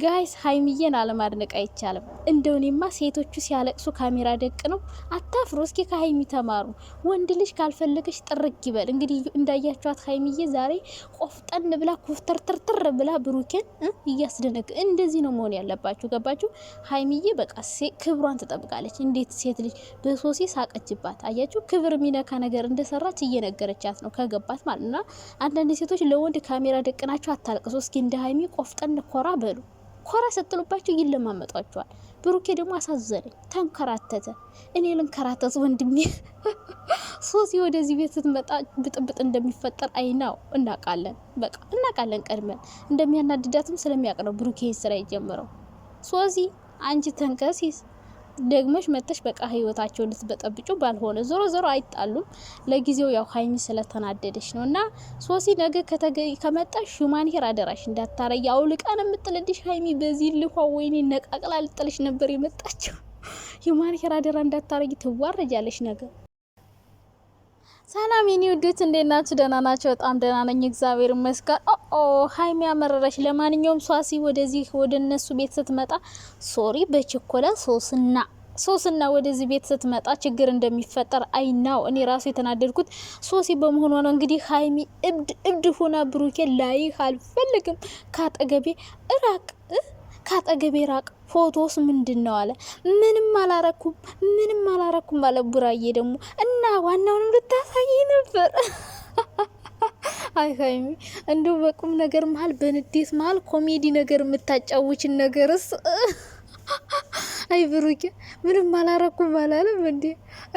ጋይስ ሀይሚዬን አለማድነቅ አይቻልም። እንደው እኔማ ሴቶቹ ሲያለቅሱ ካሜራ ደቅ ነው። አታፍሮ እስኪ ከሀይሚ ተማሩ። ወንድ ልጅ ካልፈለገች ጥርግ ይበል። እንግዲህ እንዳያቸዋት ሀይሚዬ ዛሬ ቆፍጠን ብላ ኩፍተርትርትር ብላ ብሩኬን እያስደነግ እንደዚህ ነው መሆን ያለባችሁ። ገባችሁ? ሀይሚዬ በቃ ክብሯን ትጠብቃለች። እንዴት ሴት ልጅ በሶሲ ሳቀችባት አያችሁ? ክብር የሚነካ ነገር እንደሰራች እየነገረቻት ነው ከገባት ማለት ነው። አንዳንድ ሴቶች ለወንድ ካሜራ ደቅናቸው አታልቅሱ። እስኪ እንደ ሀይሚ ቆፍጠን ኮራ በሉ። ኮራ ስትሉባቸው ይለማመጧቸዋል። ብሩኬ ደግሞ አሳዘነኝ፣ ተንከራተተ። እኔ ልንከራተት ወንድሜ። ሶሲ ወደዚህ ቤት ስትመጣ ብጥብጥ እንደሚፈጠር አይናው እናቃለን፣ በቃ እናቃለን። ቀድመን እንደሚያናድዳትም ስለሚያቅ ነው ብሩኬ ስራ የጀመረው። ሶሲ አንቺ ተንከሲስ ደግመሽ መጥተሽ በቃ ህይወታቸው እንድትበጠብጩ ባልሆነ። ዞሮ ዞሮ አይጣሉም። ለጊዜው ያው ሀይሚ ስለተናደደች ነው እና ሶሲ ነገ ከመጣሽ ሁማኒሄር አደራሽ እንዳታረይ አውልቃን የምጥልልሽ ሀይሚ በዚህ ልኳ ወይኔ ነቃቅላ ልጥልሽ ነበር የመጣቸው። ሁማኒሄር አደራ እንዳታረይ ትዋረጃለሽ ነገር ሰላም የኔ ውዶች እንዴት ናችሁ? ደህና ናቸው። በጣም ደህና ነኝ እግዚአብሔር ይመስገን። ኦ ሀይሚ ያመረረች። ለማንኛውም ሷሲ ወደዚህ ወደ እነሱ ቤት ስትመጣ ሶሪ በችኮላ ሶስና ሶስና ወደዚህ ቤት ስትመጣ ችግር እንደሚፈጠር አይናው እኔ ራሱ የተናደድኩት ሶሲ በመሆኗ ነው። እንግዲህ ሀይሚ እብድ እብድ ሆና ብሩኬ ላይህ አልፈልግም፣ ካጠገቤ እራቅ ካጠገቤ ራቅ። ፎቶስ ምንድን ነው አለ። ምንም አላረኩም፣ ምንም አላረኩም አለ። ቡራዬ ደግሞ ዋናውንም ልታሳይ ነበር። አይ ሀይሚ እንደው በቁም ነገር መሀል በንዴት መሀል ኮሜዲ ነገር የምታጫውችን ነገርስ አይ ብሩኬ ምንም አላረኩም አላለም እንዴ?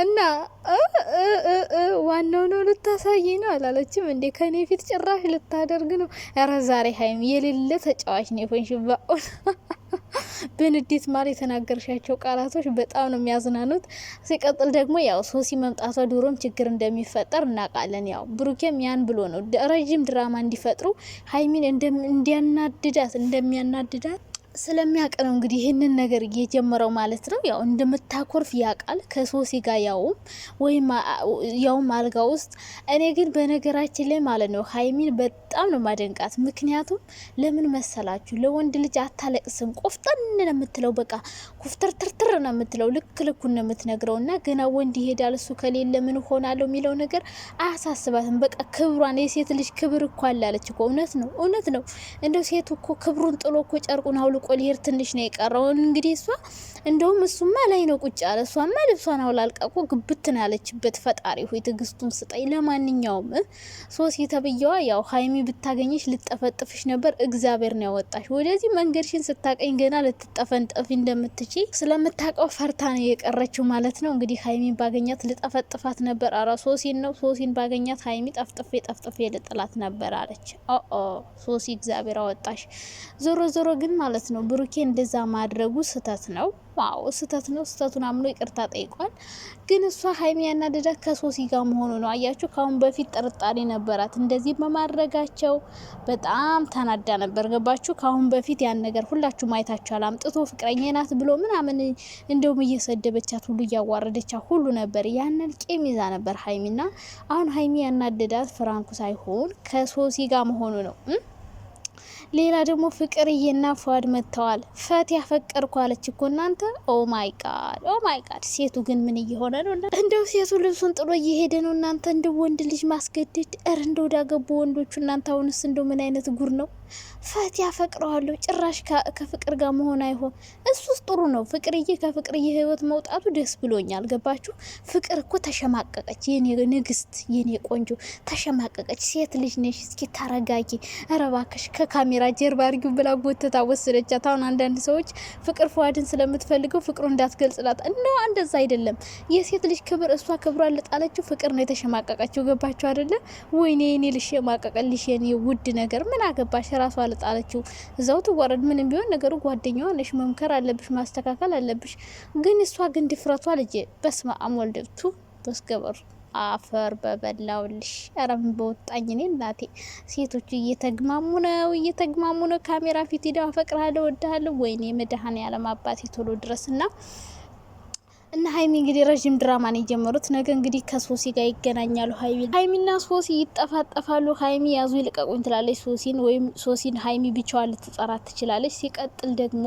እና ዋናው ነው ልታሳይ ነው አላለችም እንዴ? ከኔ ፊት ጭራሽ ልታደርግ ነው? ኧረ ዛሬ ሀይሚ የሌለ ተጫዋች ነው የሆንሽ በንዴት ማር የተናገርሻቸው ቃላቶች በጣም ነው የሚያዝናኑት። ሲቀጥል ደግሞ ያው ሶሲ መምጣቷ ድሮም ችግር እንደሚፈጠር እናውቃለን። ያው ብሩኬም ያን ብሎ ነው ረዥም ድራማ እንዲፈጥሩ ሀይሚን እንዲያናድዳት እንደሚያናድዳት ስለሚያውቅ ነው እንግዲህ ይህንን ነገር እየጀመረው ማለት ነው። ያው እንደምታኮርፍ ያውቃል ከሶሲ ጋር ያውም ወይም ያውም አልጋ ውስጥ። እኔ ግን በነገራችን ላይ ማለት ነው ሀይሚን በጣም ነው ማደንቃት። ምክንያቱም ለምን መሰላችሁ ለወንድ ልጅ አታለቅስም፣ ቆፍጠን ነው የምትለው። በቃ ኩፍተርትርትር ነው የምትለው። ልክ ልኩን ነው የምትነግረው። እና ገና ወንድ ይሄዳል እሱ ከሌለ ምን ሆናለሁ የሚለው ነገር አያሳስባትም። በቃ ክብሯን የሴት ልጅ ክብር እኮ አላለች እኮ። እውነት ነው እውነት ነው። እንደው ሴቱ እኮ ክብሩን ጥሎ እኮ ጨርቁን አውል አልቆ ሊሄድ ትንሽ ነው የቀረውን። እንግዲህ እሷ እንደውም እሱማ ላይ ነው ቁጭ አለ። እሷማ ልብሷን አውላልቃ እኮ ግብት ነው ያለችበት። ፈጣሪ ሆይ ትዕግስቱን ስጠኝ። ለማንኛውም ሶስት የተብዬዋ ያው ሀይሚ ብታገኘሽ ልጠፈጥፍሽ ነበር። እግዚአብሔር ነው ያወጣሽ ወደዚህ መንገድሽን ስታቀኝ ገና ልትጠፈንጠፊ እንደምትች ስለምታውቀው ፈርታ ነው የቀረችው ማለት ነው። እንግዲህ ሀይሚን ባገኛት ልጠፈጥፋት ነበር። አራ ሶሲን ነው ሶሲን ባገኛት ሀይሚ ጠፍጥፌ ጠፍጥፌ ልጥላት ነበር አለች። ኦ ሶሲ እግዚአብሔር አወጣሽ። ዞሮ ዞሮ ግን ማለት ነው ነው። ብሩኬ እንደዛ ማድረጉ ስህተት ነው። ዋው ስህተት ነው። ስህተቱን አምኖ ይቅርታ ጠይቋል። ግን እሷ ሀይሚ ያናደዳት ከሶሲ ጋር መሆኑ ነው። አያችሁ፣ ከአሁን በፊት ጥርጣሬ ነበራት እንደዚህ በማድረጋቸው በጣም ተናዳ ነበር። ገባችሁ? ከአሁን በፊት ያን ነገር ሁላችሁ ማየታችኋል። አምጥቶ ፍቅረኛ ናት ብሎ ምናምን እንደውም እየሰደበቻት ሁሉ እያዋረደቻት ሁሉ ነበር። ያንን ቂም ይዛ ነበር ሀይሚና አሁን ሀይሚ ያናደዳት ፍራንኩ ሳይሆን ከሶሲ ጋር መሆኑ ነው። ሌላ ደግሞ ፍቅርዬና ፏድ መጥተዋል። ፈት ያፈቀርኩ አለች እኮ እናንተ። ኦ ማይ ጋድ ኦ ማይ ጋድ። ሴቱ ግን ምን እየሆነ ነው? እንደው ሴቱ ልብሱን ጥሎ እየሄደ ነው እናንተ። እንደ ወንድ ልጅ ማስገደድ እር እንደው ወዳገቡ ወንዶቹ እናንተ። አሁንስ እንደው ምን አይነት ጉር ነው? ፈት ያፈቅረዋለሁ። ጭራሽ ከፍቅር ጋር መሆን አይሆን። እሱስ ጥሩ ነው። ፍቅርዬ ከፍቅርዬ ህይወት መውጣቱ ደስ ብሎኛል። ገባችሁ? ፍቅር እኮ ተሸማቀቀች። የኔ ንግስት፣ የኔ ቆንጆ ተሸማቀቀች። ሴት ልጅ ነሽ፣ እስኪ ተረጋጊ። ኧረ እባክሽ ከካሜራ ጀርባ አድርጊው ብላ ጎትታ ወሰደቻት። አሁን አንዳንድ ሰዎች ፍቅር ፈዋድን ስለምትፈልገው ፍቅሩ እንዳትገልጽላት እና እንደዛ አይደለም። የሴት ልጅ ክብር እሷ ክብሯን ልጣለችው ፍቅር ነው የተሸማቀቀችው። ገባችሁ አይደለም? ወይኔ የኔ ልሽ የኔ ውድ ነገር ምን አገባሽ ራሷ አልጣለችው። እዛው ትወረድ። ምንም ቢሆን ነገሩ ጓደኛዋ ነሽ፣ መምከር አለብሽ፣ ማስተካከል አለብሽ። ግን እሷ ግን ድፍረቷ ልጄ፣ በስመ አብ ወወልድ ወመንፈስ በስገበር አፈር በበላውልሽ ረም በወጣኝ። ኔ እናቴ ሴቶቹ እየተግማሙ ነው እየተግማሙ ነው። ካሜራ ፊት ሄደው አፈቅርሃለሁ፣ እወድሃለሁ። ወይኔ መድኃኔዓለም አባቴ ቶሎ ድረስ ና እና ሀይሚ እንግዲህ ረዥም ድራማ ነው የጀመሩት። ነገ እንግዲህ ከሶሲ ጋር ይገናኛሉ። ሀይሚ ሀይሚና ሶሲ ይጠፋጠፋሉ። ሀይሚ ያዙ ይልቀቁኝ ትላለች ሶሲን፣ ወይም ሶሲን ሀይሚ ብቻዋ ልትጠራት ትችላለች። ሲቀጥል ደግሞ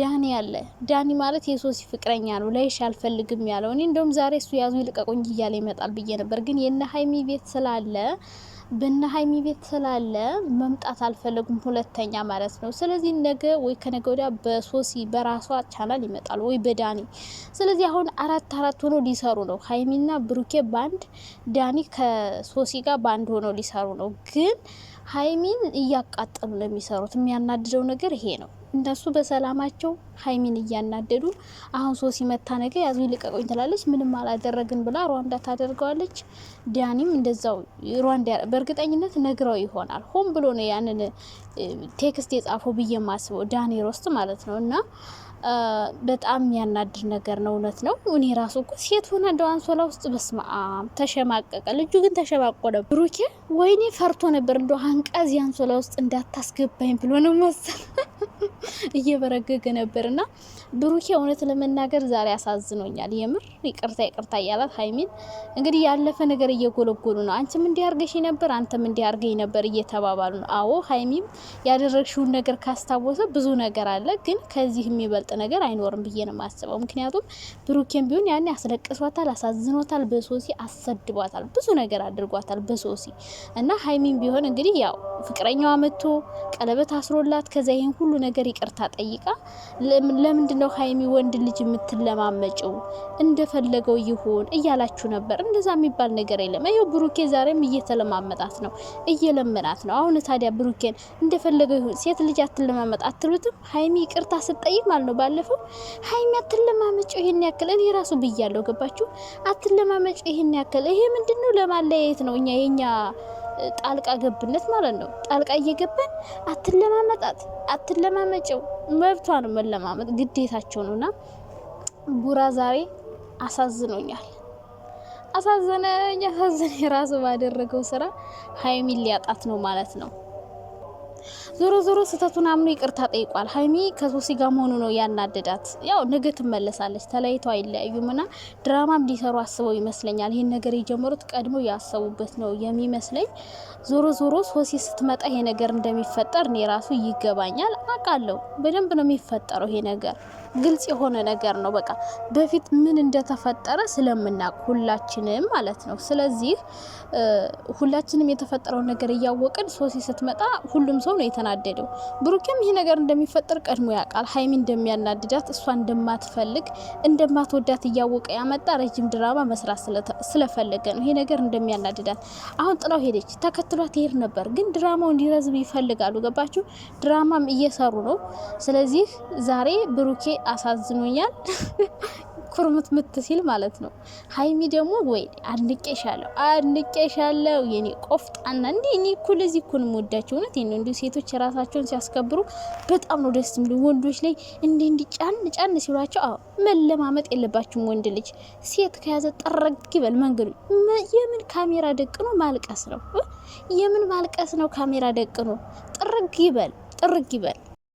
ዳኒ አለ። ዳኒ ማለት የሶሲ ፍቅረኛ ነው። ላይሽ አልፈልግም ያለው እኔ እንደውም ዛሬ እሱ ያዙ ይልቀቁኝ እያለ ይመጣል ብዬ ነበር፣ ግን የነ ሀይሚ ቤት ስላለ በነ ሀይሚ ቤት ስላለ መምጣት አልፈለጉም፣ ሁለተኛ ማለት ነው። ስለዚህ ነገ ወይ ከነገ ወዲያ በሶሲ በራሷ ቻናል ይመጣል ወይ በዳኒ። ስለዚህ አሁን አራት አራት ሆኖ ሊሰሩ ነው። ሀይሚና ብሩኬ ባንድ፣ ዳኒ ከሶሲ ጋር ባንድ ሆኖ ሊሰሩ ነው። ግን ሀይሚን እያቃጠሉ ነው የሚሰሩት። የሚያናድደው ነገር ይሄ ነው። እነሱ በሰላማቸው ሀይሚን እያናደዱ አሁን ሶሲ መታ ነገ ያዙ ይልቀቁኝ ትላለች። ምንም አላደረግን ብላ ሩዋንዳ ታደርገዋለች። ዳኒም እንደዛው ሩዋንዳ በእርግጠኝነት ነግረው ይሆናል። ሆን ብሎ ነው ያንን ቴክስት የጻፈው ብዬ ማስበው ዳኒ ሮስት ማለት ነው። እና በጣም ያናድር ነገር ነው። እውነት ነው። እኔ ራሱ እኮ ሴት ሆነ እንደው አንሶላ ውስጥ በስማ ተሸማቀቀ። ልጁ ግን ተሸማቆ ነበር። ብሩኬ ወይኔ ፈርቶ ነበር። እንደው አንቃዚ አንሶላ ውስጥ እንዳታስገባኝ ብሎ ነው መሰል እየበረገገ ነበር እና ብሩኬ እውነት ለመናገር ዛሬ አሳዝኖኛል። የምር ይቅርታ ይቅርታ እያላት ሀይሚን እንግዲህ ያለፈ ነገር እየጎለጎሉ ነው። አንቺም እንዲያርገሽ ነበር፣ አንተም እንዲያርገኝ ነበር እየተባባሉ ነው። አዎ ሀይሚም ያደረግሽውን ነገር ካስታወሰ ብዙ ነገር አለ፣ ግን ከዚህ የሚበልጥ ነገር አይኖርም ብዬ ነው የማስበው። ምክንያቱም ብሩኬም ቢሆን ያኔ አስለቅሷታል፣ አሳዝኖታል፣ በሶሲ አሰድቧታል፣ ብዙ ነገር አድርጓታል በሶሲ እና ሀይሚም ቢሆን እንግዲህ ያው ፍቅረኛዋ መጥቶ ቀለበት አስሮላት ከዛ ይህን ሁሉ ነገር ይቅርታ ጠይቃ ለምንድነው ነው ሀይሚ ወንድ ልጅ የምትለማመጭው እንደፈለገው ይሁን እያላችሁ ነበር። እንደዛ የሚባል ነገር የለም። ይኸው ብሩኬ ዛሬም እየተለማመጣት ነው፣ እየለመናት ነው። አሁን ታዲያ ብሩኬን እንደፈለገው ይሁን ሴት ልጅ አትለማመጥ አትሉትም? ሀይሚ ይቅርታ ስትጠይቅ ማለት ነው። ባለፈው ሀይሚ አትለማመጭው ይሄን ያክል እኔ ራሱ ብያለሁ። ገባችሁ? አትለማመጭው ይህን ያክል ይሄ ምንድነው? ለማለያየት ነው እኛ የኛ ጣልቃ ገብነት ማለት ነው። ጣልቃ እየገባን አትለማመጣት አትለማመጨው መብቷ ነው። መለማመጥ ግዴታቸው ነው እና ቡራ ዛሬ አሳዝኖኛል። አሳዘነኝ አሳዘነ። ራሱ ባደረገው ስራ ሀይሚን ሊያጣት ነው ማለት ነው። ዞሮ ዞሮ ስህተቱን አምኖ ይቅርታ ጠይቋል። ሀይሚ ከሶሲ ጋር መሆኑ ነው ያናደዳት። ያው ነገ ትመለሳለች፣ ተለያይተው አይለያዩም ና ድራማም ሊሰሩ አስበው ይመስለኛል። ይህን ነገር የጀመሩት ቀድሞ ያሰቡበት ነው የሚመስለኝ። ዞሮ ዞሮ ሶሲ ስትመጣ ይሄ ነገር እንደሚፈጠር እኔ ራሱ ይገባኛል፣ አውቃለሁ። በደንብ ነው የሚፈጠረው። ይሄ ነገር ግልጽ የሆነ ነገር ነው። በቃ በፊት ምን እንደተፈጠረ ስለምናውቅ ሁላችንም ማለት ነው። ስለዚህ ሁላችንም የተፈጠረውን ነገር እያወቅን ሶሲ ስትመጣ ሁሉም ሰው ነው የተናደደው። ብሩኬም ይህ ነገር እንደሚፈጠር ቀድሞ ያውቃል። ሀይሚ እንደሚያናድዳት፣ እሷ እንደማትፈልግ እንደማትወዳት እያወቀ ያመጣ ረጅም ድራማ መስራት ስለፈለገ ነው ይሄ ነገር እንደሚያናድዳት። አሁን ጥላው ሄደች፣ ተከትሏት ይሄድ ነበር፣ ግን ድራማው እንዲረዝም ይፈልጋሉ። ገባችሁ? ድራማም እየሰሩ ነው። ስለዚህ ዛሬ ብሩኬ አሳዝኖኛል ኩርምት ምት ሲል ማለት ነው። ሀይሚ ደግሞ ወይ አድንቄሻለሁ፣ አድንቄሻለሁ የኔ ቆፍጣና። እንዲ እኔ እኮ ለዚህ እኮ ነው የምወዳቸው። እውነት ነው። እንዲሁ ሴቶች ራሳቸውን ሲያስከብሩ በጣም ነው ደስ የሚሉ። ወንዶች ላይ እንዲ እንዲ ጫን ጫን ሲሏቸው፣ አዎ መለማመጥ የለባችሁም ወንድ ልጅ። ሴት ከያዘ ጠረግ ይበል መንገዱ። የምን ካሜራ ደቅኖ ማልቀስ ነው? የምን ማልቀስ ነው? ካሜራ ደቅኖ ጥርግ ይበል፣ ጥርግ ይበል።